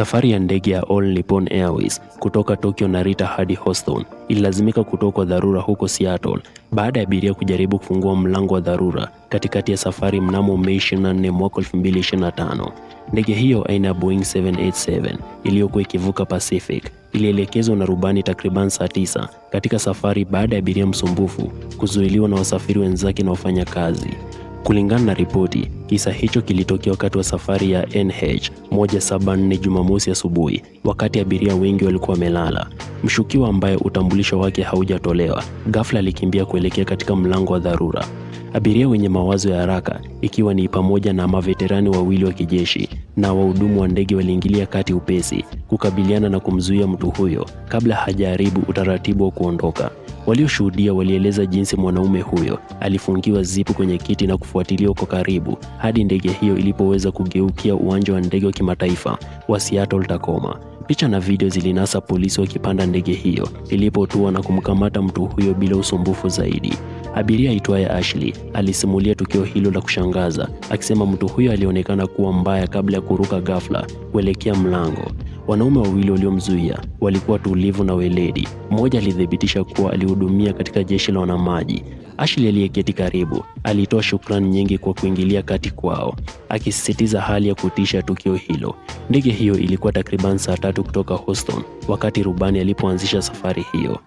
Safari ya ndege ya All Nippon Airways kutoka Tokyo Narita hadi Houston ililazimika kutoa kwa dharura huko Seattle baada ya abiria kujaribu kufungua mlango wa dharura katikati ya safari mnamo Mei 24 mwaka 2025. Ndege hiyo aina ya Boeing 787 iliyokuwa ikivuka Pacific ilielekezwa na rubani takriban saa tisa katika safari baada ya abiria msumbufu kuzuiliwa na wasafiri wenzake na wafanyakazi. Kulingana na ripoti, kisa hicho kilitokea wakati wa safari ya NH 174 Jumamosi asubuhi, wakati abiria wengi walikuwa wamelala. Mshukiwa ambaye utambulisho wake haujatolewa, ghafla alikimbia kuelekea katika mlango wa dharura. Abiria wenye mawazo ya haraka, ikiwa ni pamoja na maveterani wawili wa kijeshi na wahudumu wa ndege, waliingilia kati upesi kukabiliana na kumzuia mtu huyo kabla hajaharibu utaratibu wa kuondoka. Walioshuhudia walieleza jinsi mwanaume huyo alifungiwa zipu kwenye kiti na kufuatiliwa kwa karibu hadi ndege hiyo ilipoweza kugeukia uwanja wa ndege wa kimataifa wa Seattle Tacoma. Picha na video zilinasa polisi wakipanda ndege hiyo ilipotua na kumkamata mtu huyo bila usumbufu zaidi. Abiria aitwaye Ashley alisimulia tukio hilo la kushangaza, akisema mtu huyo alionekana kuwa mbaya kabla ya kuruka ghafla kuelekea mlango. Wanaume wawili waliomzuia walikuwa tulivu na weledi. Mmoja alithibitisha kuwa alihudumia katika jeshi la wanamaji. Ashley aliyeketi karibu alitoa shukrani nyingi kwa kuingilia kati kwao, akisisitiza hali ya kutisha tukio hilo. Ndege hiyo ilikuwa takriban saa tatu kutoka Houston wakati rubani alipoanzisha safari hiyo.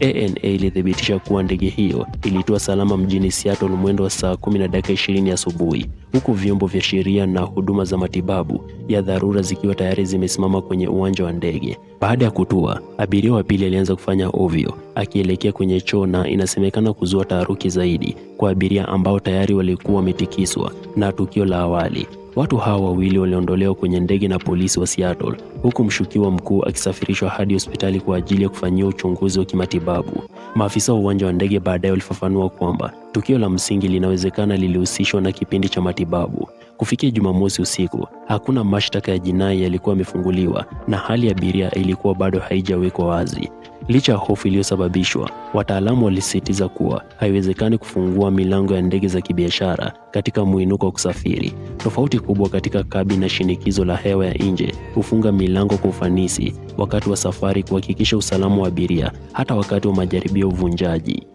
ANA ilithibitisha kuwa ndege hiyo ilitua salama mjini Seattle mwendo wa saa 10 na dakika 20 asubuhi, huku vyombo vya sheria na huduma za matibabu ya dharura zikiwa tayari zimesimama kwenye uwanja wa ndege. Baada ya kutua, abiria wa pili alianza kufanya ovyo akielekea kwenye choo na inasemekana kuzua taharuki zaidi kwa abiria ambao tayari walikuwa wametikiswa na tukio la awali. Watu hawa wawili waliondolewa kwenye ndege na polisi wa Seattle, huku mshukiwa mkuu akisafirishwa hadi hospitali kwa ajili ya kufanyiwa uchunguzi wa kimatibabu. Maafisa wa uwanja wa ndege baadaye walifafanua kwamba tukio la msingi linawezekana lilihusishwa na kipindi cha matibabu. Kufikia Jumamosi usiku, hakuna mashtaka ya jinai yalikuwa yamefunguliwa na hali ya abiria ilikuwa bado haijawekwa wazi. Licha ya hofu iliyosababishwa, wataalamu walisisitiza kuwa haiwezekani kufungua milango ya ndege za kibiashara katika mwinuko wa kusafiri. Tofauti kubwa katika kabi na shinikizo la hewa ya nje hufunga milango kwa ufanisi wakati wa safari, kuhakikisha usalama wa abiria hata wakati wa majaribio uvunjaji.